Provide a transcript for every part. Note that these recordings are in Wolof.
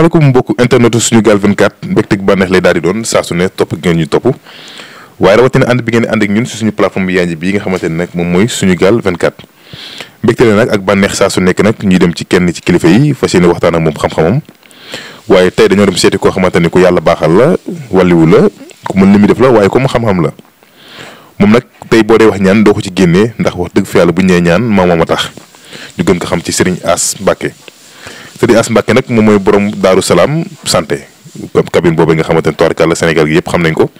asalaamaaleykum mbokku internetu Sunugal 24 mbégteeg bànneex lay daal di doon saa su ne topp gi ngeen ñu topp waaye rawatina ànd bi ngeen ànd ñun si suñu plateforme bi yaa ngi bii nga xamante ne nag moom mooy Sunugal 24. mbégte la nag ak bànneex saa su nekk nag ñuy dem ci kenn ci kilifa yi fa yéene waxtaan ak moom xam-xamam waaye tey dañoo dem seeti koo xamante ni ko yàlla baaxal la wàlliwu la ku mën li muy def la waaye comme xam-xam la moom nag tey boo dee wax ñaan doo ko ci génnee ndax wax dëgg fi yàlla bu ñee ñaan maa moom tax ñu gën ko xam ci Serigne Ass Mbacké Serigne As Mbacke nag moom mooy borom Daaru Salaam santé cabine boobu nga xamante ne tubaarkàlla Sénégal gi yëpp xam nañ ko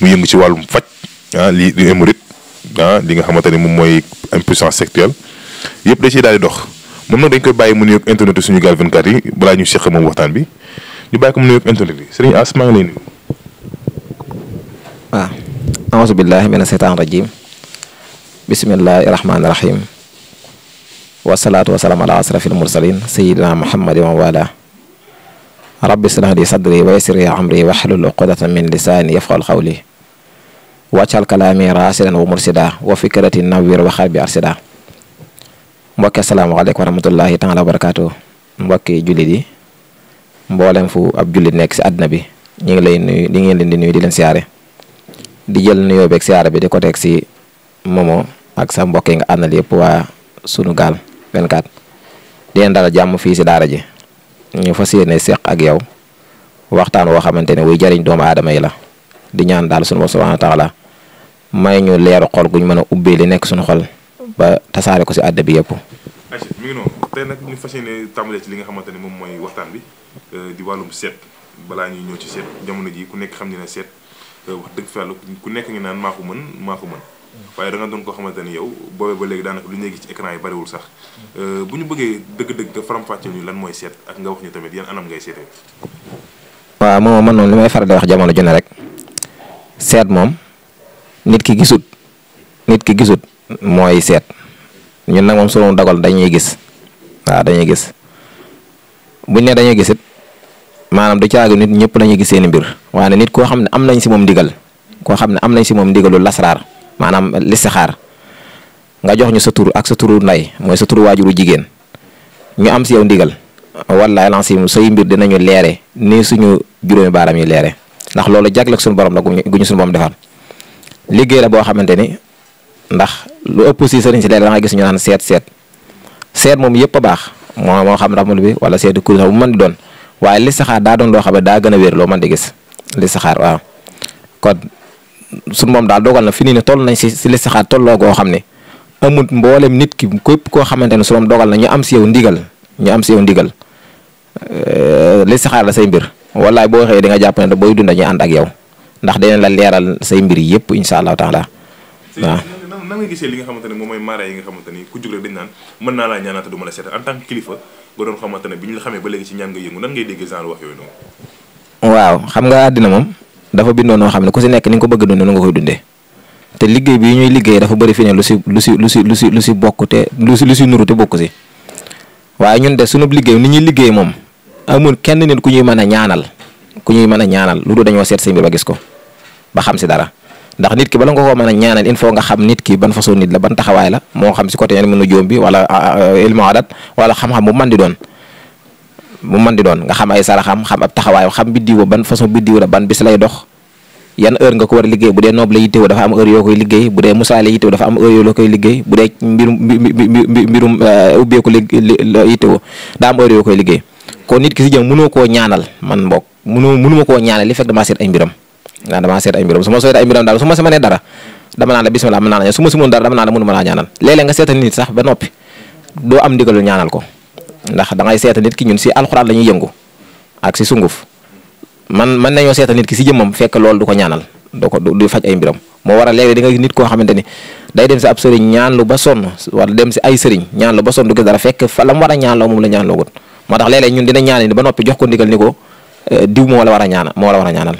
mu yëngu ci wàllum faj ah lii di émorite ah li nga xamante ne moom mooy impuissance sexuelle yëpp da ciy daal di dox moom nag dañ koy bàyyi mu nuyoog internet suñu gaal 24 yi balaa ñu seq moom waxtaan bi ñu bàyyi ko mu nuyoog internet yi Serigne As maa ngi lay nuyu. waaw. Ah, auzu billaahi mina seytaani rajiim bismillaahi rahmaani rahiim. wasalaatu wasalaam ala asrafil mursalin sayidina muhammadin wa wala rabbi ishrah li sadri wa yassir li amri wahlul min lisaani yafqahu qawli wàccal kalaami raasidan wa mursida wa fikrati nawwir wa arsida mbokki asalaamaaleykum wa rahmatullahi taala wa barakaatu mbokki jullit fu ab jullit nekk si àddina bi ñu ngi lay nuyu di ngeen leen di nuyu di leen siyaare di jël nuyoo beeg siyaare bi di ko teg si momo ak sa nga àndal yëpp waa 24 di leen jàmm fii si daara ji ñu fas yéene seq ak yow waxtaan woo xamante ne wuy jariñ doomu aadama yi la di ñaan daal sunu bopp subhaana taala may ñu leeru xol ñu mën a ubbee li nekk suñu xol ba tasaare ko si àdd bi yëpp. ayca mi ngi noonu tey nag ñu fas yéene tàmbalee ci li nga xamante ne moom mooy waxtaan bi euh, di wàllum seet balaa ñuy ñëw ci seet jamono ji ku nekk xam ne ne seet euh, ku nekk ngi naan maa ko mën maa ko mën. waaye da nga doon koo xamante ni yow boobee ba léegi daanaka lu ñuy gis ci écran yi bariwul sax euh, bu ñu bëggee dëgg-dëgg nga faram-fàcceel ñu lan mooy seet ak nga wax ñu tamit yan anam ngay seetee. waaw moom man noonu li may faral di wax jamono ju rek seet moom nit ki gisut nit ki gisut mooy seet ñun nag moom sunu dogal dañuy gis waaw dañuy gis buñ ne dañuy gisit maanaam du caagu nit ñëpp lañuy gis seeni mbir waaye nit koo xam ne am nañ si moom ndigal koo xam ne am nañ si moom ndigalu lasraar maanaam listixaar nga jox ñu sa tur ak sa turu ndey mooy sa turu waajuru jigéen ñu am si yow ndigal wallaay lancim say mbir dinañu leere ni suñu juróomi baaram yi leere ndax loolu jagleel suñu borom la gu ñu suñu borom defal liggéey la boo xamante ni ndax lu ëpp si sëriñ si léeg da nga gis ñu naan seet seet seet moom yëpp a baax moo moo xam ramul bi wala seetu kuréel bu man di doon waaye listixaar daa doon doo xam ne daa gën a wér loo mën gis listixaar waaw kon suñu moom daal dogal na fi nii ne toll nañ si si listixaar tolloo goo xam ne amut mboolem nit ki képp koo xamante ne suñu moom dogal na ñu am si yow ndigal ñu am si yow ndigal euh, listixaar la say mbir wallaay boo xëyee da nga jàpp ne da booy dunda ñu ànd yow ndax dinañ la leeral say mbir yëpp incha allahu taala waaw. nan nga gisee li nga xamante ne moom mooy mara yi nga xamante ni ku jug rek dañ naan naa laa ñaanaata du la seet en tant que kilifa nga doon xamante ne bi ñu la xamee ba léegi ci ñaan nga yëngu nan ngay dégg genre wax waaw xam nga àddina moom dafa bindoo noo xam ne ku si nekk ni nga ko bëgg a koy dundee te liggéey bi ñuy liggéey dafa bari fi ne lu si lu si lu si lu si lu si bokk te lu si lu si nuru te bokk si waaye ñun de sunu liggéey ni ñuy liggéey moom amul kenn nit ku ñuy mën a ñaanal ku ñuy mën a ñaanal lu dul dañoo seet sëñ bi ba gis ko ba xam si dara ndax nit ki bala nga koo mën a ñaanal il faut nga xam nit ki ban façon nit la ban taxawaay la moo xam si côté ñenn mënu joom bi wala ah, ah, ilmu adat wala xam-xam bu mën di doon mu mën di doon nga xam ay saraxam xam ab taxawaayam xam biddiw ban façon biddiw la ban bis lay dox yan heure nga ko war a liggéey bu dee noob la yittewoo dafa am heure yoo koy liggéey bu dee musaale yittewoo dafa am heure yoo la koy liggéey bu dee mbirum mbirum euh, ubbeeku yittewoo daa am heure koy liggéey kon nit ki si jëm mënoo koo ñaanal man mbokk mënoo mënuma koo ñaanal li fekk damaa seet ay mbiram daa damaa seet ay mbiram su ma seet ay mbiram daal su ma sama nee dara dama naan naa la su ma si nga seetal nit sax ba noppi doo am ndigalul ñaanal ko ndax da ngay seetal nit ki ñun si alxuraan la ñuy yëngu ak si sunguf man man nañoo seetal nit ki si jëmmam fekk loolu du ko ñaanal du ko du faj ay mbiram moo waral léeg-léeg di nga nit koo xamante ni day dem si ab sëriñ ñaan lu ba sonn wala dem si ay sëriñ ñaan lu ba sonn du gis dara fekk fa la mu war a moom la ñaan loogut moo tax léeg-léeg ñun dina ñaan ni ba noppi jox ko ndigal ni ko eh, diw moo la war a ñaanal moo la war a ñaanal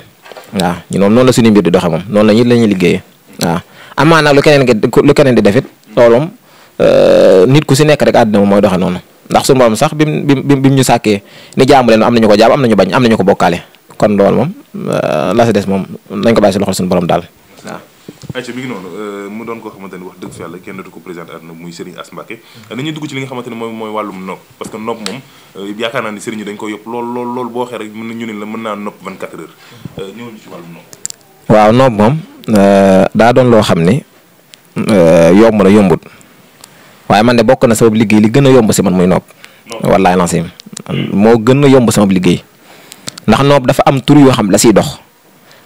waaw ñu moom noonu la suñu mbir di doxe moom la ñu la amaa nag lu keneen lu keneen di defit loolu moom eh, ku si nekk rek àddina moom mooy doxe noonu ndax suñu borom sax bi mu bi mu ñu sàkkee ni jaamu leen am nañu ko jaam am nañu bañ am nañu ko bokkaale kon loolu moom euh, la si des moom nañ ko bàyyi si loxol borom daal waaw. ayca mi ngi noonu euh, mu doon koo xamante ni wax dëgg fa kenn dootu ko présenté àdduna muy Serigne Ass Mbacké euh, nañu dugg ci li nga xamante ne mooy mooy wàllum nopp dañ ko yóbbu lool lool lool boo waxee rek mën na ñu naa nopp 24 heures ñëwuñu ci wàllum nopp. waaw nopp moom daa doon loo xam ni yomb la yombut waaye man de bokk na sabab liggéey li gën a yomb si man muy noob wallaay lancé moo gën a yomb sama liggéey ndax noob dafa am tur yoo xam la siy dox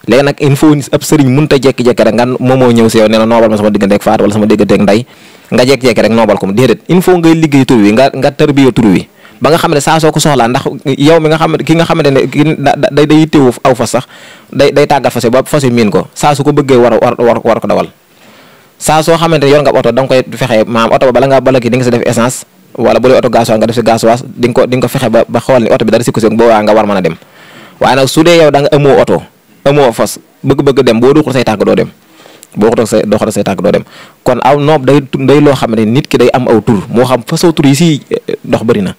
léegi nag il faut ab sëriñ mënut a jékki-jékki rek nga moom moo ñëw si yow nee na noobal ma sama digganteeg faat wala sama digganteeg nday ko déedéet il faut ngay liggéey tur wi nga nga tërbiyo tur wi ba nga xam ne saa soo ko soxlaa ndax yow mi nga xam ki nga xamante ne ki day day teewu aw fas sax day day tàggat fas yi ba fas yi miin ko saa su ko bëggee war war war ko dawal saa soo xamante ne yor oto da nga koy fexe maam oto dee da nga amoo oto amoo fas bëgg-bëgg dem boo duxul say tànk doo dem boo xutal say doo xutal say tànk dem kon aw noob day day loo xam ne nit ki day am aw moo xam fasoo tur yi si eh, dox bëri na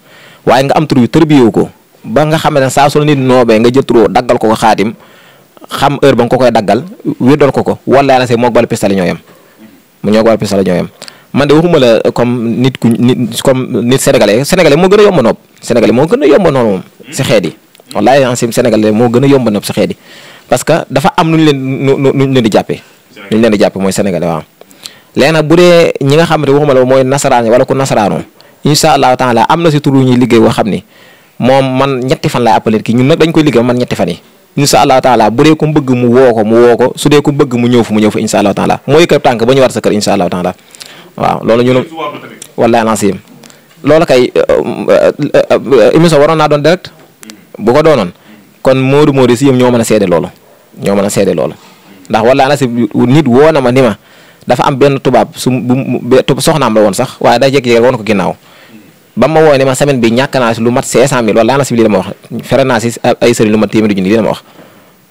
waaye nga am tur yu tërbiyewu ko ba nga xam ne saa su nit noobee nga jël turoo daggal ko ko xaatim xam heure ba nga ko koy daggal wéddal ko ko wala yàlla see moog bal pistali ñooyam mu ñoo ko waa Pisala ñoo yem man de waxuma la comme nit ku nit comme nit sénégalais sénégalais moo gën a yomb noob sénégalais moo gën a yomb noob moom si xeet yi wallaay ancien sénégalais moo gën a yomb noob si xeet yi que dafa am nu leen nu ñu leen di jàppee nu leen di mooy sénégalais waaw léegi nag bu dee ñi nga xamante waxuma la mooy nasaraan wala ku nasaraanoom incha allahu taala am na si turu ñuy liggéey boo xam ni moom man ñetti fan laay appeler ki ñun nag dañ koy liggéey man ñetti fan yi incha allah taala bu dee ko bëgg mu woo ko mu woo ko su dee ku bëgg mu ñëw fu mu ñëw fu incha allah taala mooy kër tànk ba ñu war sa kër incha allah taala waaw loolu ñu. wallaahi lancim loolu kay euh, euh, euh, émission waroon naa doon direct bu ko doonoon kon Modou Modou si yëm ñoo mën a seede loolu ñoo mën a seede loolu ndax wallaahi lancim nit woo na ma ni ma dafa am benn tubaab su bu soxnaam la woon sax waaye day jékki-jékki woon ko ginnaaw. ba ma wooy ne ma semaine bi ñàkk naa si lu mat 500000 wala lu mat téeméeri junni lii la ma wax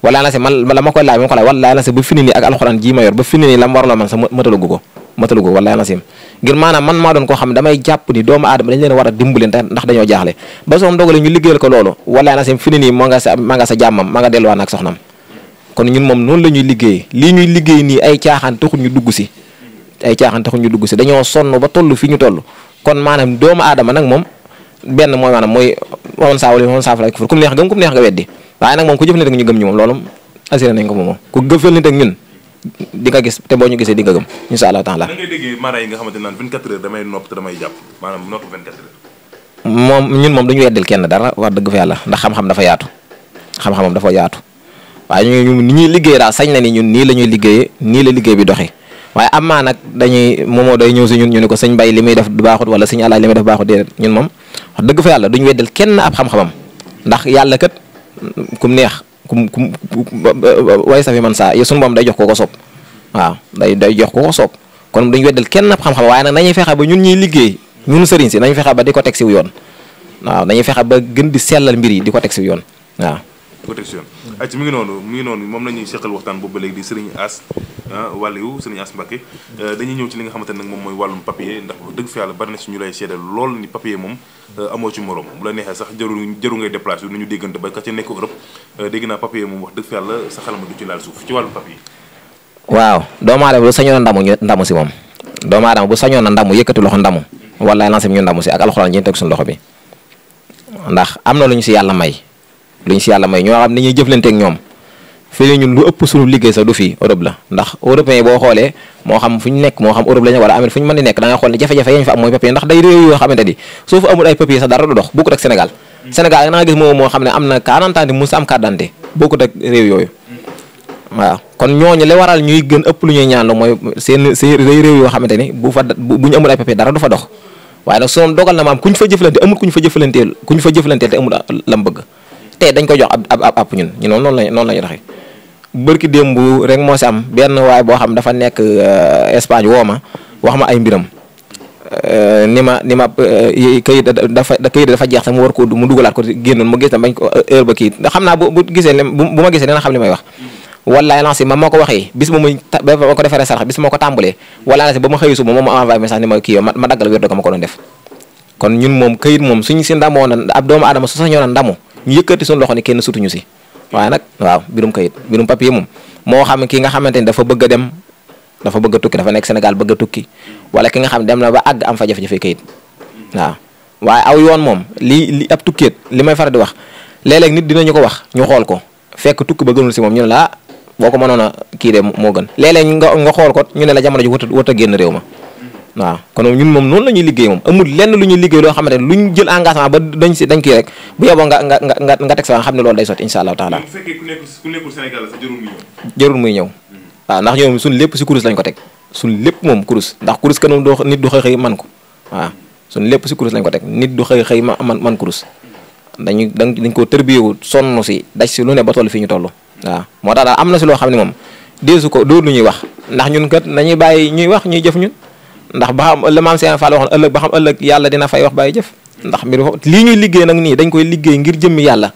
wala na si man la ma koy laaj ma ko laaj wala na si ba fini nii ak alxuraan ji ma yor ba fini nii la ma war la man sa matalugu ko matalugu wala na si ngir maanaam man maa doon koo xam ne damay jàpp ni doomu aadama dañ leen war a dimbali ndax dañoo jaaxle ba soxam dogale ñu liggéeyal ko loolu wala na si fini nii moo sa maa sa jàmmam moom noonu la ñuy liggéey lii ñuy liggéey nii ay ñu dugg si ay caaxaan taxul ñu dugg si dañoo sonn ba toll fi ñu toll kon maanaam doomu aadama nag moom benn mooy maanaam mooy waman saa wala waman saa fala kufur ku neex gëm ku neex nga weddi waaye nag moom ku jëflante ak ñu gëm ñu moom loolu assuré nañ ko moom moom ku jëflante ak ñun di nga gis te boo ñu gisee di nga gëm insha allah taala. da ngay yi nga xamante naan 24 damay nopp te damay jàpp maanaam moom ñun moom duñu weddil kenn dara wax dëgg fa yàlla ndax xam-xam dafa yaatu xam-xamam dafa yaatu waaye ñu ni ñuy liggéey daal sañ na ni ñun nii la ñuy liggéeyee nii la liggéey bi doxee waaye amaa nag dañuy moomoo day ñëw si ñun ñu ne ko sëñ Mbay li muy def baaxut wala sëñ Alaay li muy def baaxut déedéet ñun moom wax dëgg fa yàlla duñ weddal kenn ab xam ndax yàlla kat kum neex kum kum way safi man saa suñu moom day jox ko ko soob waaw day day jox ko ko soob kon duñ weddal kenn ab xam-xam waaye nag nañuy fexe ba ñun ñuy liggéey ñun sëriñ si nañu fexe ba di ko teg siw yoon waaw dañuy fexe ba gën di sellal mbir yi di ko teg siw yoon waaw protection ay ci ngi noonu mi ngi noonu moom la ñuy waxtaan boobu léegi di Serigne As ah, wàlliwu Serigne As Mbacké euh, dañuy ñëw ci li nga xamante ne nag moom mooy wàllum papier ndax dëgg fi yàlla bari na suñu euh, nekk Europe euh, dégg naa papier moom wax dëgg fi yàlla sa xalama du ci laal suuf ci wàllum papier waaw doomu aadama bu sañoon ndamu ndamu si moom doomu bu sañoon na ndamu yëkkati loxo ndamu wallaay lancé bi ñu ndamu si ak alxuraan ji ñu teg suñu liñ si yàlla may ñoo xam ni ñuy jëflanteeg ñoom fii ñun lu ëpp suñu liggéey sax du fii Europe la ndax européen boo xoolee moo xam fu ñu nekk moo xam Europe la ñu a mm. am na 40 ans mos am carte d'identité bokkut ak réew yooyu mm. waaw kon ñooñu li waral ñuy gën ëpp lu ñuy ñaan la mooy seen seen réew yoo xamante ni bu fa bu ñu amul ay papier dara du fa dox waaye nag su dogal na maam kuñ fa jëflante amul kuñ fa jëflanteel kuñ fa jëflanteel te amul lam te dañ ko jox ab ab ab ñun ñu noonu lañ noonu la ñu doxee bërki démb rek moo si am benn waay boo xam dafa nekk euh, Espagne woo ma wax ma ay mbiram euh, ni ma ni ma euh, kayit dafa ko mu dugalaat ko génnoon mu ko heure ba kii xam naa bu bu gisee bu ma gisee dina xam li may wax. wallaay lancé ma moo ko waxee bis ba ko defaree sarax bis ma ko tàmbalee wallaay lancé ma xëy suba moom ma envoyé message ni ma kii yow ma def kon ñun moom kayit moom suñu si ndamoo na ab doomu aadama su sañoon a ndamu ñu yëkkati suñu loxo ni kenn sutuñu si waaye nag waaw birum kayit birum papier moom moo xam ki nga xamante ni dafa bëgg dem dafa bëgg a tukki dafa nekk Sénégal bëgg a tukki wala ki nga xam dem na ba àgg am fa jafe-jafe kayit waaw waaye aw yoon moom li li ab tukkeet li may faral di wax léeg-léeg nit dinañu ko wax ñu xool ko fekk tukki ba gënul si moom ñu ne la ah, boo ko mënoon a kii de moo gën léeg nga nga xool ko ñu ne la jamono ji wër a génn réew ma waaw kon ñun moom noonu la ñuy liggéey moom amul lenn lu ñuy liggéey loo xamante ne lu ñu jël engagement ba dañ si dañ kii rek bu yeboo nga hmm. lépp si kurus lañ ko teg suñ lépp moom kurus ndax kurus kanam doo nit du man ko waaw suñ lépp si kurus lañ ko du xëy xëy ma man man kurus dañu dañ dañ koo tërbiyewul sonn si daj si lu ne ba toll fii ñu toll waaw moo tax daal am na si loo xam ne moom dee ko dóor lu ñuy wax ndax ñun kat nañuy bàyyi ñuy wax ñuy jëf ñun ndax ba xam la maam Seen ëllëg ba xam ëllëg yàlla dina fay wax bàyyi jëf ndax mbir lii ñuy liggéey nag nii dañ koy liggéey ngir jëmmi yàlla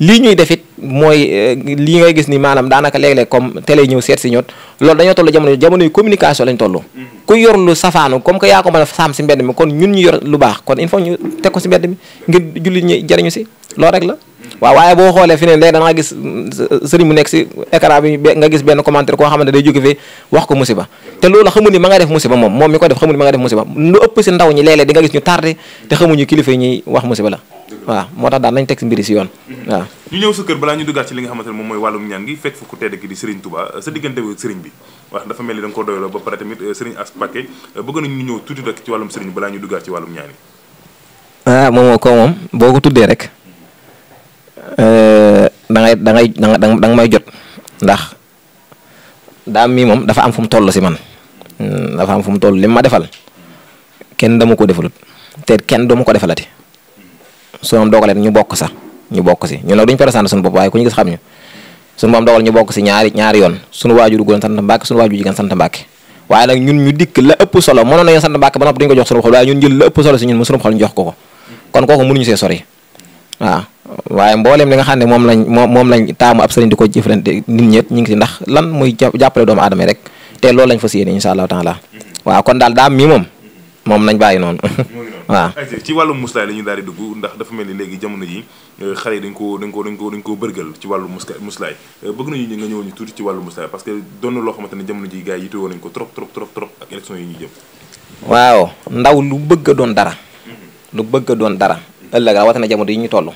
lii ñuy defit mooy eh, lii ngay gis ni maanaam daanaka léeg-léeg comme télé ñëw seet si ñot lool dañoo toll jamono jamonoy communication lañ toll ku yor lu safaanu comme que yaa ko mën saam si mbedd mi kon ñun ñu yor lu baax kon il faut ñu teg ko si mbedd mi ngir jullit ñi jariñu si loolu rek la waaw waaye boo xoolee fi ne léegi da nga gis euh, sëriñ bu nekk si écran bi nga gis benn commentaire koo xamante day jóge fee wax ko musiba te loolu xamul ni ma nga def musiba moom moom ko def xamul ni ma nga def musiba lu ñi léeg-léeg di nga moo tax daal nañ teg mbiri si yoon waaw ñu ñëw sa kër balaa ñu duggaat ci li nga xamante ne moom mooy wàllum ñaan gi fekk fu ku tedd ki di ni da nga ko doyloo ba pare tamit euh, sëriñ as paquet euh, bëgg nañ ñu ñëw tuuti rek ci wàllum sëriñ balaa ñu duggaat ci wàllum ñaan yi ah moom moom boo ko tuddee rek Eh, da ngay da ngay da nga may jot ndax daam mi moom dafa am fu mu toll si man hmm, dafa am mu toll li ma defal kenn dama ko defalut te kenn dama ko defalati soo am dogalee ñu bokk sax ñu bokk si ñu nag duñ pare sant suñu bopp ñu gis xam ñu suñu boppam dogal ñu bokk si ñaari ñaari yoon suñu waajur góor sant mbàkke sant mbàkke waaye nag ñun ñu dikk la ëpp solo mënoon nañu sant la ëpp solo si ñun mu suñu xol ñu jox ko ko kon kooku mënuñu see sori waaw waaye mbooleem li nga xam ne moom lañ moom moom lañ taamu ab sëriñ di ko jëflante nit ñett ñu ngi ci ndax lan muy jàppale doomu aadama rek te loolu lañ fas yéene incha allahu taala mhm. waaw kon daal moom nañ bàyyi noonu waaw ci wàllum la ñu daal di dugg ndax dafa mel ni léegi jamono ji euh, xale yi dañ ko dañ ko dañ ko dañ ko bërgal ci wàllu muska muslaay euh, bëgg nañu nga ñëw ñu tuuti ci wàllu muslaay parce que doon na loo xamante ne jamono ji gars yi yittewoo nañ ko trop trop trop ak élection yi ñu jëm waaw ndaw lu bëgg a doon dara mhm. lu bëgg doon dara ëllëgaa watana jamono yi ñu toll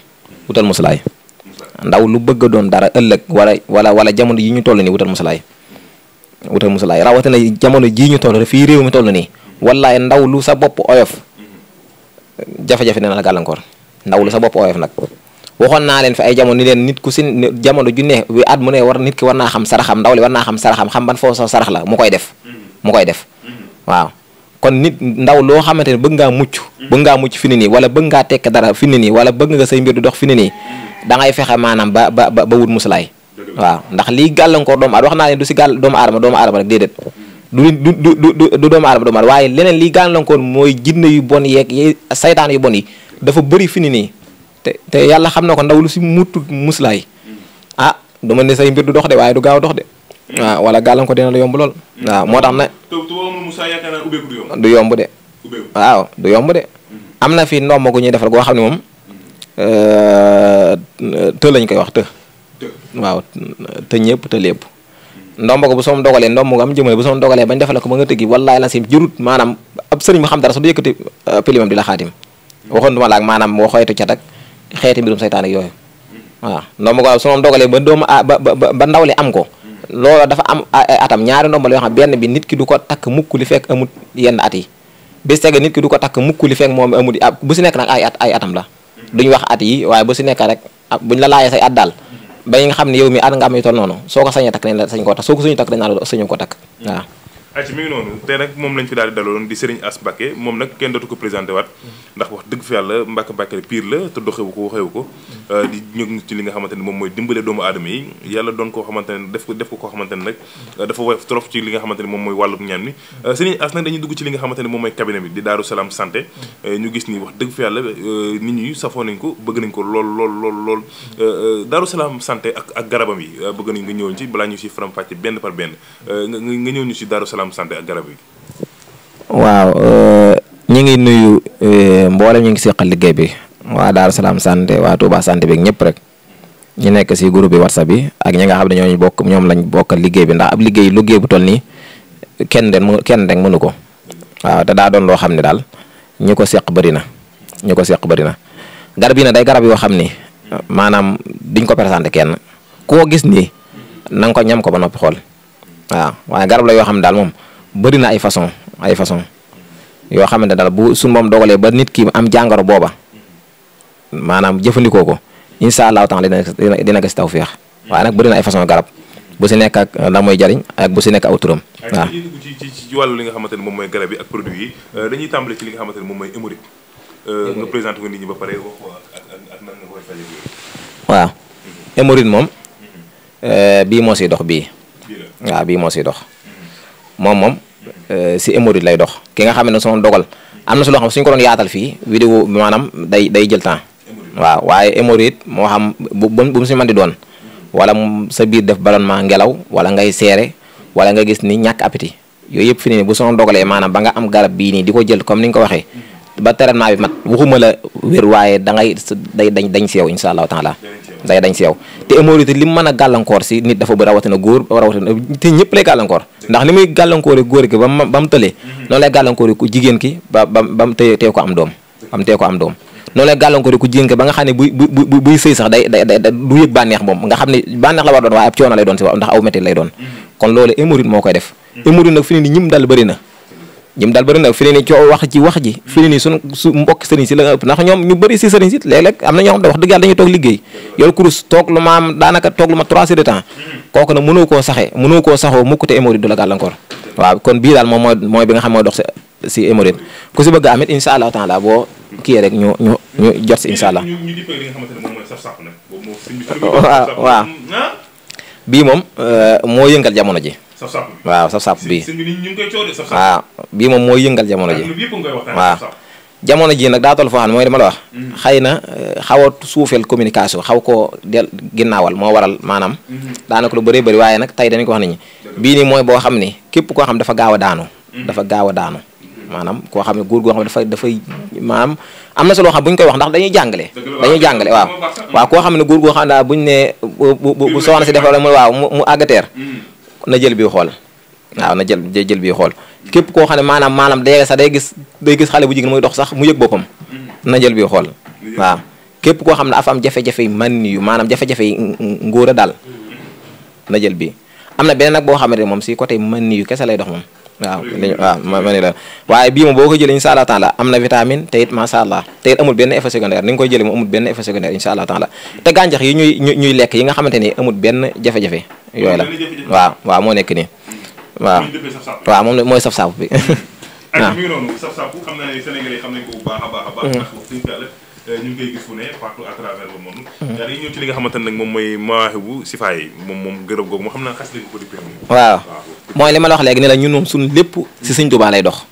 wutal musalaay ndaw lu bëgg doon dara ëllëg wala wala wala jamono yi ñu toll nii wutal musalaay wutal musalaay rawatina jamono jii ñu toll fii réew mi toll nii wallaay ndaw lu sa bopp oyof jafe-jafe nee na la gàllankoor ndaw lu sa bopp oyof nag waxoon naa leen fi ay jamono ni leen nit ku si jamono ju wi at mu ne war nit ki war naa xam saraxam ndaw li war naa xam saraxam xam ban foo sa sarax la mu koy def mu koy def waaw kon nit ndaw loo xamante ne bëgg ngaa mucc mm-hmm. bëgg ngaa mucc fi ni nii wala bëgg ngaa tekk dara fi ni wala bëgg nga say mbir du dox fi ni nii mm-hmm. da ngay fexe maanaam ba ba ba wut musalaay waaw ndax lii gàllankoor doomu aadama wax naa du si gàll doomu aadama doomu aadama rek déedéet mm-hmm. du du du du waaye leneen lii gàllankoor mooy jinne yu bon yeeg yi saytaan yu bon yi dafa bëri fi ni nii te te yàlla xam na ko ndaw lu si mutu musalaay ah duma ne say mbir du dox de waaye du gaaw dox de waaw ah, wala gàllankoor dina la yomb lool. waaw hmm. ah, moo tax nag. du yomb de. waaw du yomb de. Hmm. am na fi ndomb gu ñuy defar goo xam ne moom hmm. euh, të lañ koy wax të. waaw të ñëpp të lépp. ndomb ko ko am bu soom dogalee bañ defal ko ba nga tëggi wallaay la sim jurut maanaam ab sëriñ bu xam dara su du yëkkati euh, pilimam di la xaatim. waxoon duma laak maanaam boo xooytu cat ak xeeti mbirum saytaan yooyu. waaw ndomb ko su moom dogalee ba doomu ah, ba ba ba ndawle am ko. loola dafa am atam ñaari ndomba la yoo xam benn bi nit ki du ko takk mukk li fekk amut yenn at yi bis tege nit ki du ko takk mukk li fekk moom amut ah, bu si nekk nag ay at ay atam la duñ wax at yi waaye bu si nekk rek ah, bu ñu la laajee say at daal ba nga xam ne yow mi at nga am yu toll noonu soo ko sañee takk nañ la sañ koo takk soo ko suñu takk dañ la sañu ko takk waaw ayca mi ngi noonu tey nag moom lañ fi daal di daloon di Serigne Ass Mbacké moom nag kenn dootu ko présenté waat ndax wax dëgg fa yàlla Mbacké Mbacké pire la te doxewu ko waxewu ko euh, di ñëw ci li nga xamante ne moom mooy dimbale doomu aadama yi yàlla doon koo ne def ko def ko koo ne nag euh, dafa woyof li nga xamante ne moom mooy wàllum ñaan mi euh, Serigne Ass nag dañuy dugg ci ne moom mooy cabinet gis ni wax dëgg fa yàlla nit ñi safoo nañ bëgg nañ ko lool lool lool lool Daaru Salaam santé ak ak garabam yi bëgg nañ nga ñëw ci ñu si faram fàcce benn par benn nga ñëw ñu si Daaru Salaam wàllam santé ak garab waaw euh, ñu ngi nuyu euh, mboolem ñu ngi seqal liggéey bi waa Darou Salaam santé waa Touba santé bi ñëpp rek ñu nekk si groupe bi WhatsApp bi ak ñi nga xam ne ñu bokk ñoom lañ bokkal liggéey bi ndax ab liggéey liggéey bu toll nii kenn den mu kenn den mënu ko waaw te daa doon loo xam ne daal ñu ko seq bëri na ñu ko seq bëri na garab yi nag day garab yoo xam ni maanaam duñ ko présenté kenn koo gis nii na ko ñam ko ba noppi xool. waaw waaye garab la yoo xam ne daal moom bari na ay façon ay façon yoo xamante daal bu su moom dogalee ba nit ki am jàngaro booba maanaam jëfandikoo ko incha allahu taala dina dina taw feex waaye nag bëri na ay façon garab bu si nekk ak la mooy jariñ ak bu si nekk aw turam. waaw ci li nga xamante ne moom mooy garab yi ak produit yi euh, dañuy tàmbali ci li ne moom mooy hémorroïde. Euh, ba pare wax ak mm-hmm. moom mm-hmm. euh, bii moo siy dox bii. waaw bii moo siy dox moom moom euh, si hémorroïde lay dox ki nga xam ne son dogal am na si loo xam suñu ko doon yaatal fii vidéo bi maanaam day day jël temps waaw waaye hémorroïde moo xam bu bu mu si mën di doon wala sa biir def ballonnement ngelaw wala ngay seere wala nga gis ni ñàkk appétit yooyu yëpp ne bu son dogalee maanaam ba nga am garab bii nii di ko jël comme ni nga ko waxee ba traitement bi mat waxuma la wér waaye da ngay day dañ dañ si yow incha day dañ si yow te hémorroïde li mu mën a gàllankoor si nit dafa bëri rawatina góor rawatina te ñëpp lay gàllankoor ndax ni muy gàllankoore góor gi ba mu ba mu tëlee noonu lay gàllankoore ku jigéen ki ba ba ba mu tee noonu lay gàllankoore ku jigéen ki ba nga xam ne buy buy sëy sax du yëg bànneex moom nga xam ne bànneex la war doon waaye ab coono lay doon si waaw ndax aw métti lay doon kon loolu hémorroïde moo koy def hémorroïde nag fi ne ñim dal bëri ñim daal bëri na fi ne nii coow wax ci wax ji fi ne nii suñ su mbokk sëriñ si la nga ëpp ndax ñoom ñu bëri si sëriñ si léeg-léeg am na ñoo xam ne wax dëgg yàlla dañuy toog liggéey yow kurus toog lu ma am daanaka toog lu ma trois de temps kooku nag mënoo koo saxee mënoo koo saxoo mukk te hémorroïde du la gàllankoor waaw kon bii daal moom mooy mooy bi nga xam mooy dox si si hémorroïde ku si bëgg amit incha allah taala boo kii rek ñu ñu ñu jot si incha allah waaw waaw ah. bii moom euh, moo yëngal jamono ji saf-saf bi waaw saf-saf bi waaw bii moom mooy yëngal jamono ji waaw jamono ji nag daa toll foo xam ne mooy dama hmm. na eh, xaw a suufeel communication hmm. ko wax nit ñi bii nii mooy boo xam ni képp koo xam dafa gaaw a hmm. a daanu maanaam koo xam ne góor goo xam ne dafa dafay maanaam am na sa loo xam bu ñu koy wax ndax dañuy jàngale dañuy jàngale waaw waaw koo xam si defal mu waaw na jël bi xool waaw na jël jël bi xool képp koo xam ne maanaam maanaam day sax day gis day gis xale bu jigéen muy dox sax mu yëg boppam na jël bi xool waaw képp koo xam ne afa am jafe-jafe yi man yu maanaam jafe-jafe yi ngóor a daal na jël bi am na beneen nag boo xamante ne moom si côté man yu kese lay dox moom waaw waaw ma ne la waaye bii moom boo ko jëlee incha allah taala am na vitamine te it macha allah te it amul benn effet secondaire ni nga koy jëlee moom amul benn te gàncax yi ñuy ñuy lekk yi nga xamante ni amul benn jafe yooyu la waaw waaw moo nekk nii waaw waaw moom mooy saf saabu bi waaw bu li nga xamante ne moom mooy maaxi bu sifaay moom moom gërëm googu moo xam naa xas lañ ko ko dippee waaw mooy li ma la wax léegi ne la ñun moom suñu lépp si sëñ Tuubaa lay dox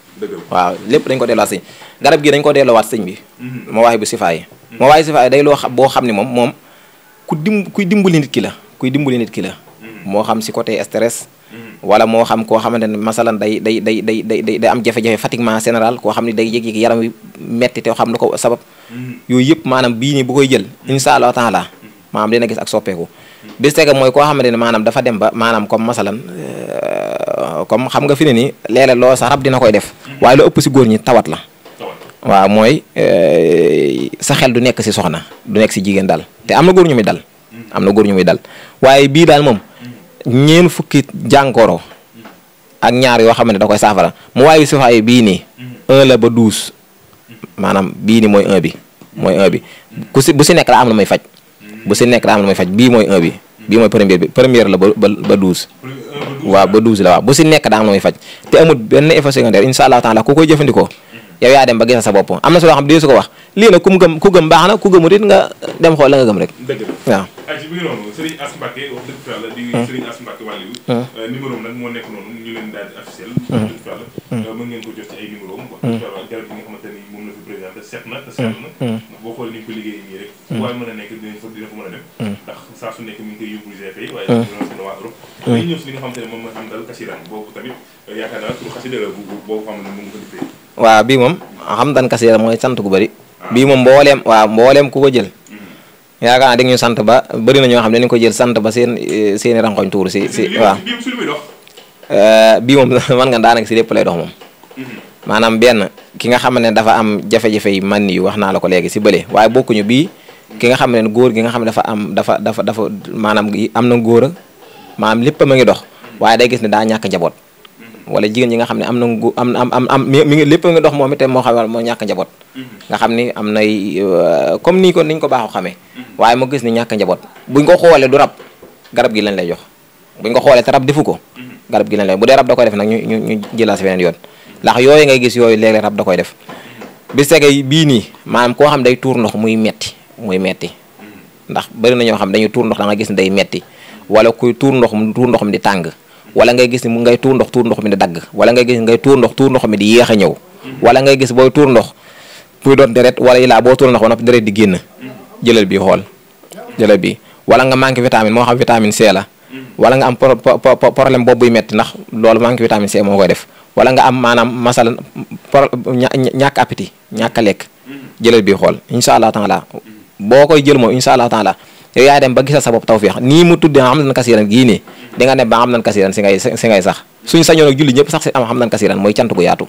waaw lépp dañ ko delloo sëñ garab gi dañ ko delloowaat sëñ bi ma mm-hmm. waaye bu sifaa yi mm-hmm. waaye sifaa yi day loo xam boo xam ne moom moom ku dim kuy dimbali nit ki la kuy dimbali nit ki la mm-hmm. moo xam si côté stress wala moo xam koo xamante ne masalan day day day day day day am jafe-jafe fatiguement général koo xam ne day yëg-yëg yaram wi metti te xam lu ko sabab yooyu yëpp maanaam bii nii bu koy jël insha allah taala maanaam dina gis ak soppeeku mooy koo xamante ne maanaam dafa dem ba maanaam comme masalan comme xam nga fi ne nii léeg loo sax rab dina koy def waaye lu ëpp si góor ñi tawat la waaw mooy eh, sa xel du nekk si soxna du nekk si jigéen daal te am na góor ñu muy dal am na góor ñu muy waaye bii daal moom ñeen fukki jànkooro ak ñaar yoo xam ne da koy saafara mu waayu sifaay bii nii un la ba douze maanaam bii ni mooy un bi mooy un bi bu si nekk la am na may faj bu si la may faj bii mooy un bi bii mooy première bi première la ba ba douze waaw ba 12 la waaw bu si nekk daa am lu faj te amul benn effet secondaire incha allah taala ku koy jëfandikoo yow yaa dem ba gis sa bopp am na si xam ne su ko wax lii nag ku mu gëm ku gëm baax na ku gëmut it nga dem xool la nga gëm rek. dëgg la waaw. ayca bi nga noonu Serigne Ass Mbacké wax na te set waa Europe xam ne moom mooy xam ne mu bii moom Hamdal Kasiran mooy sant gu bari bii moom mbooleem waa mbooleem ku ko jël yaakaar naa di ñu sant ba bari na ñoo xam ne dañu ko jël sant ba seen seen i tuur si si waaw bii moom man nga daanaka si lépp lay dox moom maanaam benn ki nga xam ne dafa am jafe-jafe yi man yu wax naa la ko léegi si bële waaye bokkuñu bii ki nga xam ne góor gi nga xam ne dafa am dafa dafa dafa maanaam am na góor a maanaam lépp ma ngi dox waaye day gis ne daa ñàkk njaboot wala jigéen ñi nga xam ne am na gu am am am am mi ngi lépp nga dox moom itam moo xam moo ñàkk njaboot nga xam ni am nay euh, comme nii ko niñ ko baaxoo xamee waaye mu gis ni ñàkk njaboot buñ ko xoolee du rab garab gi lañ lay jox buñ ko xoolee te rab defu ko garab gi lañ lay bu dee rab da koy def nag ñu ñu ñu jëlaa si beneen yoon ndax yooyu ngay gis yooyu léeg-léeg rab da koy def bi sege bii nii maanaam koo xam day tuur ndox muy metti muy metti ndax bëri na ñoo xam dañuy tuur ndox da gis ne day metti wala kuy tuur ndox mu tuur ndox mi di tàng wala ngay gis ni ngay tuur ndox tuur ndox mi di dagg wala ngay gis ngay tuur ndox tuur ndox mi di yéex a ñëw wala ngay gis booy tuur ndox muy doon deret wala illaa boo tuur ndox ba noppi deret di génn jëlal bi xool jëlal bi wala nga manqué vitamine moo xam vitamine C la wala nga am problème boobu buy metti ndax loolu manqué vitamine C moo koy def wala nga am maanaam masalan ñàkk appétit ñàkk a lekk mm-hmm. jëlal bi xool incha allah taala mm-hmm. boo koy jël moom incha allah taala yaay dem ba gisal nii mu tuddee xam nan kasiran gii mm-hmm. nga xam nan kasiran si ngay sax suñ sañoon ak julli ñëpp sax si am xam nan kasiran mooy cant gu yaatu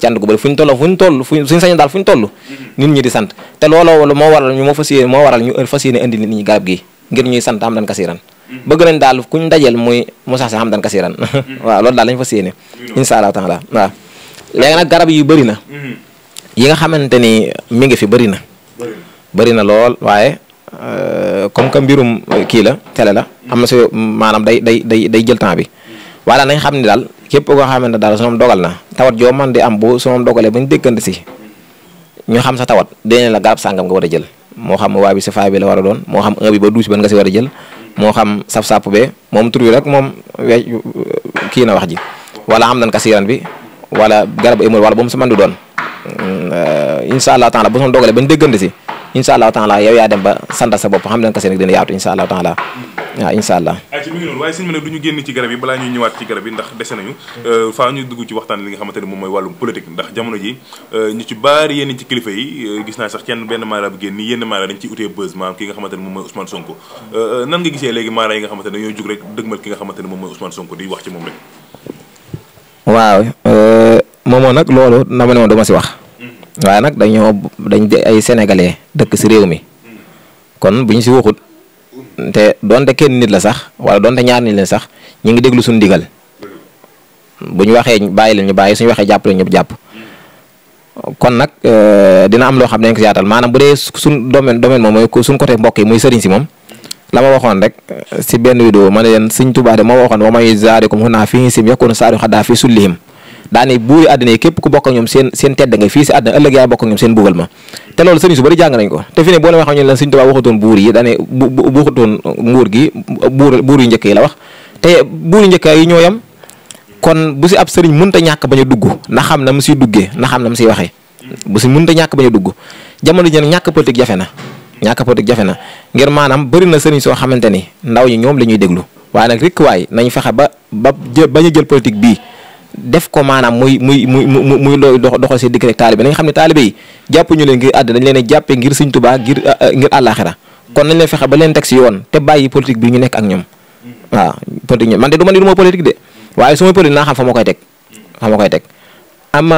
cant gu bëri fu ñu toll fu ñu toll fu suñ sañoon daal fu ñu toll nit ñi di sant te looloo moo waral ñu moo fas yéene moo waral ñu fas yéene indi nit gi ngir ñuy sant xam nan kasiran bëgg nañ daal ku ñu dajeel muy Moussa Sy hamdan kasiran mm-hmm. waaw loolu daal lañ fa séenee mm-hmm. incha allah taala waaw léegi nag garab yu bëri na mm-hmm. yi nga xamante ni mi ngi fi bëri na na lool waaye euh, comme que mbirum kii la télé la am na si maanaam day day day day jël temps bi waaye daal nañ xam ni daal képp koo xamante ne daal su moom dogal na tawat joo man di am bu su moom dogalee ba ñu déggante si ñu xam sa tawat dinañ la garab sàngam nga war a jël moo xam waa bi si a doon moo a moo xam saf-sapp be moom tur wi rek moom we kii na wax ji wala am nan kasiran bi wala garab imul wala boom mu si mën di doon mm, euh, incha allah taala bu soon dogalee bañ déggante si incha allahu taala yow yaa dem ba sant sa bopp xam leen kese nag dina yaatu incha allahu taala waaw incha allah ay ci mi ngi noonu waaye sëñ bi nag du ñu génn ci garab yi balaa ñuy ñëwaat ci garab yi ndax dese nañu euh, faa ñu dugg ci waxtaan li nga xamante ne moom mooy wàllum politique ndax jamono ji euh, ñu ci baari yenn ci kilifa yi euh, gis naa sax kenn benn maara bu génn nii yenn maara dañ ci utee buzz maam ki nga xamante ne moom mooy Ousmane Sonko nan nga gisee léegi maara yi nga xamante ne ñooy jug rek dëgmal ki di dama ne wax waaye nag dañoo dañ di ay sénégalais dëkk si réew mi kon bu ñu si waxut te donte kenn nit la sax wala donte ñaar nit la sax ñu ngi déglu suñu ndigal bu ñu waxee bàyyi leen ñu bàyyi suñu waxee jàpp leen ñu jàpp kon nag euh, dina am loo xam ne ko si yaatal maanaam bu dee suñ domaine moom mooy suñ côté mbokk muy sëriñ si moom la ma waxoon rek si euh, benn vidéo ma ne leen Sëriñ Tuubaa de ma waxoon wa may zaarikum hunaa fii sim yakunu saadu xadaa fii sullihim daane buuri àddina yi képp ku bokk ak ñoom seen seen tedd nga fii si àddina ëllëg yaa bokk ñoom seen bugal ma te loolu sëriñ su bari jàng nañ ko te fi ne boo leen waxee buur yi daane waxutoon nguur buur buur njëkk yi la wax te buur yu njëkk yi ñoo yam kon bu si ab sëriñ mënta ñàkk bañ a dugg na xam na mu siy duggee na xam na mu siy waxee bu si mënta ñàkk ba a dugg jamono ji ñàkk politique jafe na ñàkk politique jafe na ngir maanaam bëri na sëriñ soo xamante ni ndaw ñi ñoom la ñuy déglu waaye nag rek waay nañ fexe ba ba bañ a jël politique bii def ko maanaam muy muy mu muy muy looy dox doxal seen digg rek taalibe nañ xam ne taalibe yi jàppuñu leen ngir àdd dañ leen a jàppee ngir sëñ Tuubaa ngir ah, ah, ngir àllaaxira kon nañ leen fexe ba leen teg si yoon te bàyyi politique bi ñu nekk ak ñoom waaw politique ñoom man de du ma ne du ma de waaye su ma politique naa xam fa ma koy teg fa ma koy teg ama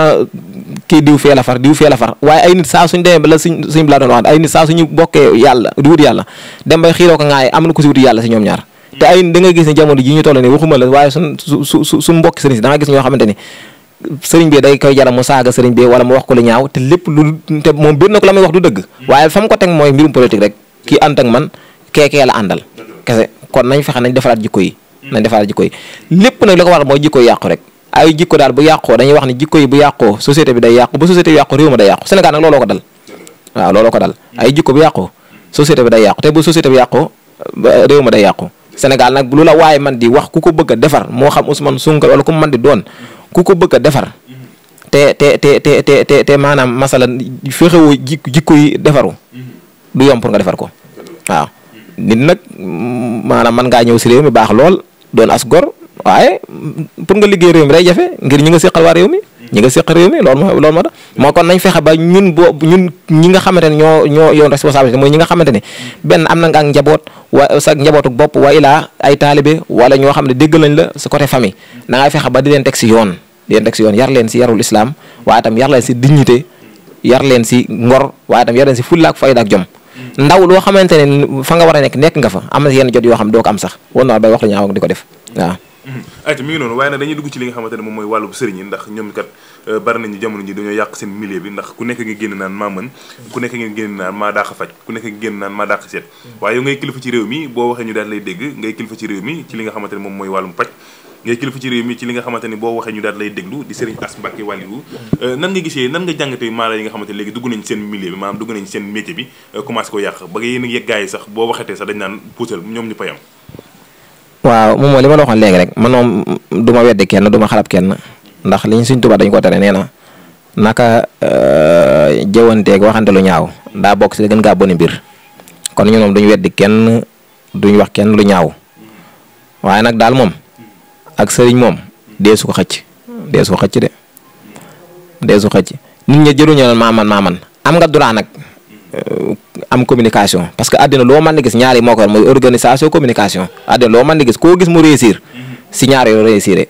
kii diw fee la far diw fee la far waaye ay nit saa suñ demee ba la suñ suñ bi laa doon wax ay suñu bokkee yàlla di wut yàlla dem bay xiiroo ko ngaay am na ku yàlla si ñoom ñaar te ay da nga gis ne jamono ji ñu toll nii waxuma la waaye suñ su su suñ mbokki sëriñ si da gis ñoo xamante ni sëriñ bi day koy jaral mu saaga sëriñ bi wala mu wax ko lu ñaaw te lépp lu te moom biir ko la muy wax du dëgg waaye fa mu ko teg mooy mbirum politique rek kii ànd ak man keekee la àndal kese kon nañ fexe nañ defaraat jikko yi nañ defaraat jikko yi lépp nag la ko waral mooy jikko yi yàqu rek ay jikko daal bu yàqoo dañuy wax ne jikko yi bu yàqoo société bi day yàqu bu société ko dal waaw ko dal ay jikko bu yàqoo société bi day yàqu te bu société bi yàqoo réew ma day yàqu Sénégal nag lu la waaye man di wax ku ko bëgg defar moo xam Ousmane Sonko wala ku man di doon ku ko bëgg a defar te te te te te te te maanaam masala fexewoo jik jikko yi defaru du yomb pour nga defar ko waaw nit nag maanaam man ngaa ñëw si réew mi baax lool doon as gor waaye pour nga liggéey réew mi day jafe ngir ñi nga seqal waa réew mi ñi nga séq réew mi loolu moo moo kon nañ fexe ba ñun boo ñun ñi nga xamante ne ñoo ñoo yoon responsabilité mooy ñi nga xamante ne benn am na njaboot wa sa njabootuk bopp wa ilaa ay taalibe wala ñoo xam ne déggal nañ la sa côté famille na ngay fexe ba di leen teg si yoon di leen si yoon yar leen si yarul islam waaye itam yar leen si dignité yar leen si ngor waaye itam yar leen si fullaak fayda ak jom ndaw loo xamante ne fa nga war a nekk nekk nga fa am na yenn jot yoo xam doo ko am sax woon naa bay wax la ñu di ko def waaw Mmh. ayca mi ngi noonu waaye nag dañuy dugg ci li nga xamante ne moom mooy wàllub sëriñ yi ndax ñoom kat euh, bari nañu jamono ji dañoo yàq seen milieu bi ndax ku nekk nga génn naan maa mën ku nekk nga génn naan maa dàq faj mmh. waaye yow ngay kilifa mi boo waxee ñu daal lay dégg ngay kilifa ci réew mi ci li nga xamante ne moom mooy boo waxee ñu daal lay déglu di Serigne Ass Mbacké wàlliwu mmh. euh, nan nga gisee nan nga jàngatee maala yi nga xamante ne léegi dugg nañ seen milieu bi maanaam dugg nañ seen métier bi euh, commencé ko yàq ba yéen yeggaay sax boo waxetee sax dañ naan puusal ñoom ñu payam waaw moom li ma la waxoon léegi rek man moom du ma weddi kenn du ma xalab kenn ndax liñ suñ tubaab dañ ko tere nee na naka euh, jëwanteeg waxante lu ñaaw daa bokk si gën gaa boni mbir kon ñu moom duñ weddi kenn duñ wax kenn lu ñaaw waaye nag daal moom ak sëriñ moom deesu ko xëcc deesu ko xëcc de deesu xëcc nit ñi jëruñu naan maaman maaman am nga droit nag euh, am communication parce que àddina loo mën di gis ñaari moo ko war mooy organisation communication àddina loo mën di gis koo gis mu réussir mm-hmm. si ñaar yoo réussir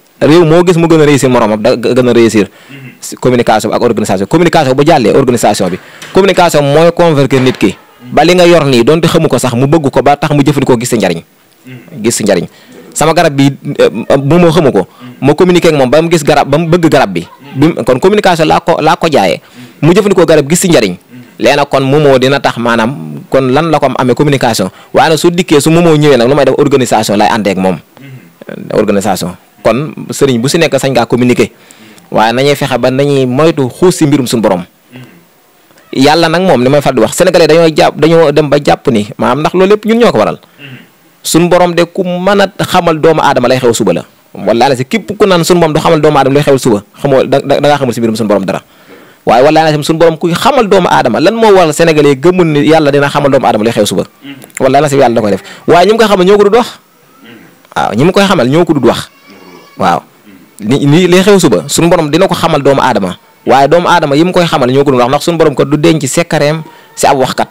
moo gis mu gën a réussir moromam da a réussir mm-hmm. communication bi ak organisation communication bu jàllee organisation bi communication mooy convaincre nit ki mm-hmm. ba nga yor nii donte xamu ko sax mu bëgg ko ba tax mu jëfandikoo gis si gis si njariñ sama garab bi euh, bu ma xamu ko ma communiqué moom ba mu gis garab ba mu bëgg garab bi bi kon communication laa ko laa ko jaayee mu ko garab gis si njariñ léegi nag kon moomoo dina tax maanaam kon lan la ko amee communication waaye nag su dikkee su moomoo ñëwee nag lu may def organisation lay àndeek moom mm-hmm. organisation kon sëriñ bu si nekk sañ ngaa communiquer waaye nañuy fexe ba nañuy moytu xuus si mbirum suñu borom mm-hmm. yàlla nag moom li may far di wax sénégalais dañoo jàpp dañoo dem ba jàpp ni maanaam ndax loolu lépp ñun ñoo ko waral mm-hmm. suñu borom de ku mën a xamal doomu aadama lay xew suba la wala la si képp ku naan suñu moom du xamal doomu aadama lay xew suba xamoo da xamul waaye wallaahi na tam borom kuy xamal doomu aadama lan moo waral sénégalais gëmul ni yàlla dina xamal doomu aadama lay xew suba mm. wallaahi na si yàlla da koy def waaye ñi mu koy xamal ñoo ko dud wax mm. waaw ñi mu koy xamal ñoo ko dud wax waaw li li lay suba suñu borom dina ko xamal doomu aadama waaye doomu aadama yi mu koy xamal ñoo ko dud wax ndax suñu borom kat du denc sekkareem si ab kat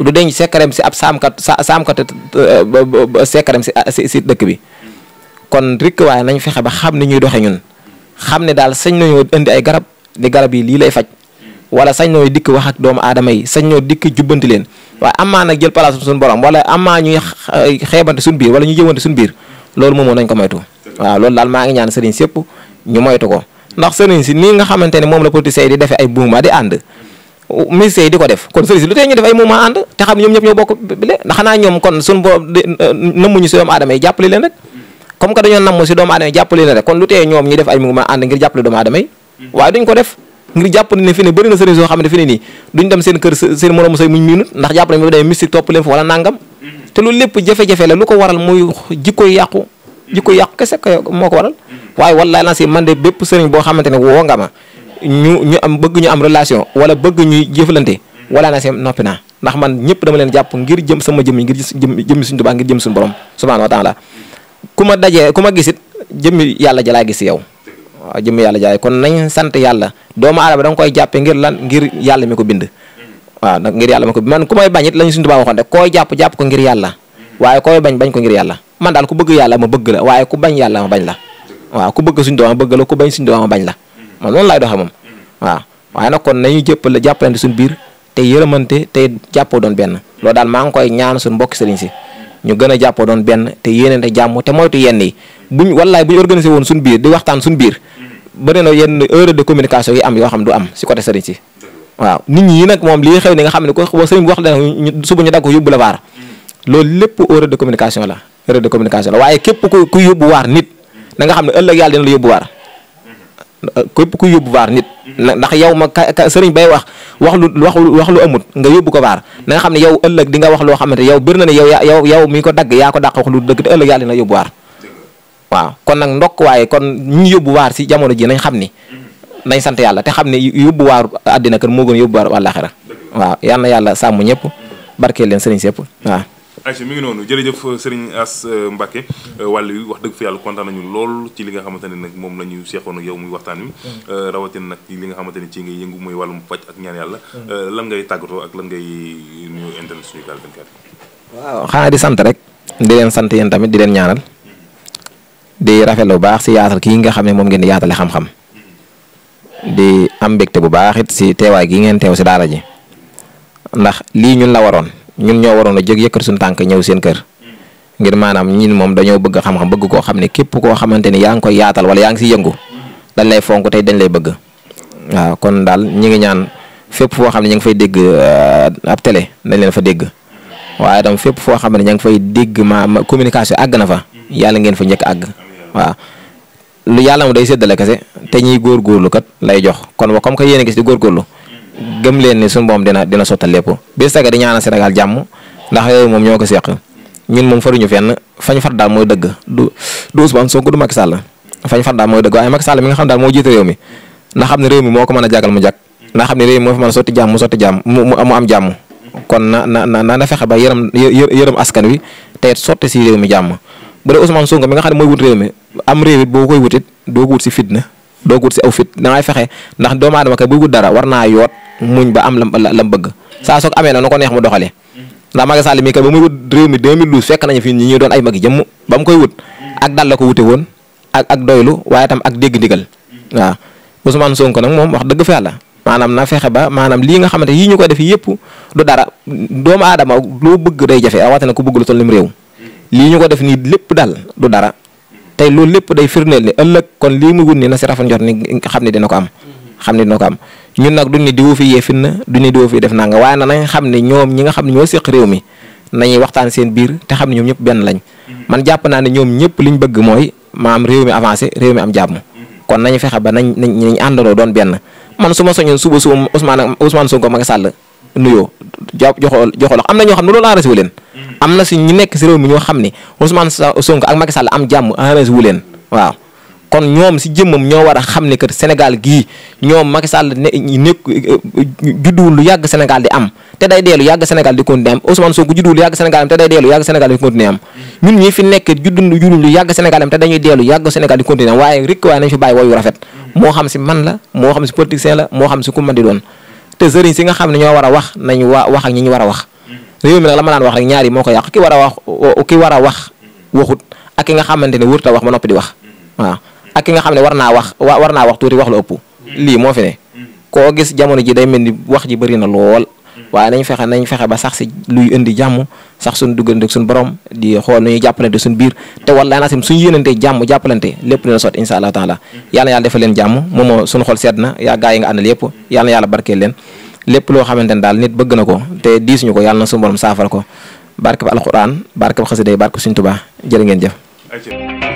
du denc sekkareem si ab saamkat sa saamkat euh, sekkareem si si si dëkk bi kon rikk waaye nañ fexe ba xam ni ñuy doxe ñun xam ne daal sañ nañoo indi ay garab di garab yi lii lay faj wala sañ noo dikk wax ak doomu aadama yi sañ noo dikk jubbanti leen waaye amaa nag jël place suñu borom wala amaa ñuy xeebante suñu biir wala ñu jëwante suñu biir loolu moomoo nañ ko moytu waaw loolu daal maa ngi ñaan sëriñ sépp ñu moytu ko ndax sëriñ si nii nga xamante ne moom la politiciens yi di defee ay mouvement di ànd ministère yi di ko def kon sëriñ si lu tee ñu def ay mouvement ànd ñoo bokk bile ndax xanaa ñoom euh, ngir jàppale doomu aadama yi waaye duñ ko def ngir jàpp ne fi ne bëri na sëriñ soo xam ne fi ne nii duñ dem seen kër seen moromu say muñ miinut ndax jàpp nañ ba demee mystique topp leen fa wala nangam te loolu lépp jafe la lu ko waral muy jikko yàqu jikko yàqu kese ko moo ko waral waaye wallaay la si man de bépp sëriñ boo xamante ne woo nga ma ñu ñu am bëgg ñu am relation wala bëgg ñuy jëflante wala na si noppi naa ndax man ñëpp dama leen jàpp ngir jëm sama jëm ngir jëm jëmmi suñu Tuubaa ngir jëm suñu borom subhaanahu wa taala ku ma dajee ku ma gisit jëmmi yàlla jalaa gis yow waaw jëmm yàlla jaay kon nañ sant yàlla doomu aadama da nga koy jàppe ngir lan ngir yàlla mi ko bind waaw nag ngir yàlla mi ko bind man ku may bañ it lañu suñu tubaab waxoon rek koy jàpp jàpp ko ngir yàlla waaye koy bañ bañ ko ngir yàlla man daal ku bëgg yàlla ma bëgg la waaye ku bañ yàlla ma bañ la waaw ku bëgg suñu tubaab ma bëgg la ku bañ suñu tubaab ma bañ la man noonu laay doxee moom waaw waaye nag kon nañu jëppale jàppalante suñu biir te yërëmante tey jàppoo doon benn loolu daal maa ngi koy ñaan suñu mbokki a jàppoo bari na yenn heure de communication yi am yoo xam du am si côté sëriñ si waaw nit ñi yi nag moom lii xew ni nga xam ne ko sëriñ bi ñu dagg ko yóbbu la waar loolu lépp heure communication la heure de communication la waaye képp ku ku yóbbu waar nit nga xam ne ëllëg yàlla dina la yóbbu waar képp ku yóbbu waar nit ndax yow ma ka sëriñ bay wax wax lu wax wax lu amut nga yóbbu ko waar na nga xam ne yow ëllëg di nga wax loo xamante yow bir na ne yow yaa yow yow mi ko dagg yaa ko dàq wax lu dëgg te ëllëg yàlla dina la yóbbu waar waaw kon nag ndokk waaye kon ñu yóbbu waar si jamono ji nañ xam ni nañ sant yàlla te xam ne yóbbu waar àddina kër moo gën yóbbu waar àllaaxira waaw yàlla sàmm ñëpp barkeel leen sëriñ sëpp mi ngi noonu jërëjëf euh, sëriñ As euh, Mbacke euh, wàll wax dëgg fi yàlla kontaan nañu lool ci li nga xamante ne nag moom la ñu seexoon ak yow muy waxtaan wi mm. rawatina nag ci li nga xamante ne ci ngay yëngu muy wàllum paj ak ñaan yàlla mm. lan tàggatoo ak lan ngay nuyu di sant rek di leen sant yéen tamit di leen ñaanal di rafet lu baax si yaatal kii nga xam ne moom ngeen di yaatale xam-xam di am mbégte bu baax it si teewaay gi ngeen teew si daala ji ndax lii ñun la waroon ñun ñoo waroon a jóg yëkkat suñu tànk ñëw seen kër ngir maanaam ñun moom dañoo bëgg xam-xam bëgg koo xam ne képp koo xamante ni yaa ngi koy yaatal wala yaa ngi si yëngu dañ lay fonk tey dañ lay bëgg waaw kon daal ñi ngi ñaan fépp foo xam ne ñu ngi fay dégg euh, ab télé dañ leen fa dégg waaye do fépp foo xam ne ña ngi fay dégg ma communication àgg na fa yàlla ngeen fa njëkk àgg waaw lu yàlla mu day séddale kese te ñiy góorgóorlu kat lay jox kon ba comme que yéen a gis di góorgóorlu gëm leen ni suñu boom dina dina sottal lépp bis tagga di ñaanal Sénégal jàmm ndax yooyu ñoo ko seq ñun moom faruñu fenn fañ far daal mooy dëgg du du Ousmane Sonko du Macky Sall fañ far daal mooy dëgg waaye mi nga xam daal moo jiite réew mi na xam moo ko mën a jàggal mu jàkk na xam ne réew mi moo fi mën a sotti jàmm mu sotti jàmm mu mu am jàmm kon na na na fexe ba yërëm yërëm askan wi te sotti si réew mi jàmm bu dee Ousmane nga xam ne mooy wut doo ko wut fexe ndax doomu aadama kay buy wut dara war naa yoot muñ ba am la lam bëgg saa soog amee na nu ko neex mu doxalee ndax Macky Sall mii kat ba muy wut réew mi 2012 koy wut ak dal la ko wute woon ak ak doylu waaye tam ak dégg ndigal waaw Ousmane Sonko nag moom wax dëgg fa yàlla maanaam na fexe ba maanaam lii nga xamante yii ñu koy def yëpp du dara doomu aadama loo bëgg day jafe na ku bëgg lu toll nim réew lii ñu ko def nii lépp daal du dara tey loolu lépp day firndeel ni ëllëg kon lii mu wut nii na si rafet njot ni xam ne dina ko am. xam ne dina ko am ñun nag duñ ne diwu fi yeefin na du ne diwoo fi def nanga waaye nag nañ xam ne ñoom ñi nga xam ne ñoo séq réew nañuy waxtaan seen biir te xam ne ñoom ñëpp benn lañ. man jàpp naa ne ñoom ñëpp liñ bëgg mooy maam réew mi avancé réew mi am jàmm. kon nañu fexe ba nañ nañ àndaloo doon benn man su ma soñoon suba suba Ousmane Ousmane Sonko Macky Sall nuyoo jox joxoo loxo am na ñoo xam ne loolu arrangé wu leen. Mm-hmm. am na si ñu nekk si réew mi ñoo xam ne Ousmane Sonko ak Macky Sall am jàmm arrangé wu leen waaw. kon ñoom si jëmmam ñoo war a xam ne que Sénégal gii ñoom Macky Sall ne nekk judduwul lu yàgg Sénégal di am te day deelu yàgg Sénégal di continuer am Ousmane Sonko judduwul lu yàgg Sénégal mm-hmm. ñun ñi fi nekk juddu judduñ lu yàgg Sénégal am te dañuy deelu yàgg Sénégal di continuer waaye rikk waaye nañ fi bàyyi wooyu rafet mm-hmm. moo xam si man la moo xam si politicien la moo xam si ku man di doon te sëriñ si nga xam ne ñoo war a wax nañu wa wax ak ñi ñu war a wax réew mi nag la ma naan wax rek ñaar yi moo ko yàq ki war a wax ki war a wax waxut ak ki nga xamante ne wërta wax ba noppi di wax waaw ak ki nga xam ne war naa wax war naa wax tuuti wax lu ëpp lii moo fi ne koo gis jamono ji day mel ni wax ji bëri na lool waaye nañ fexe nañ fexe ba sax si luy indi jàmm sax suñ duggante suñ borom di xool nu ñuy jàppalante suñ biir te wallaahi naa sim suñ yéenante jàmm jàppalante lépp dina sotti insha allahu taala yal yàlla defal leen jàmm moom moo suñu xol sedd na yaa gaa yi nga àndal yëpp yal yàlla barkeel leen lépp loo xamante daal nit bëgg na ko te diisuñu ko yàlla na suñu saafara ko barke ba alquran barke ba xasida yi barke suñ tubaa jërë ngeen jëf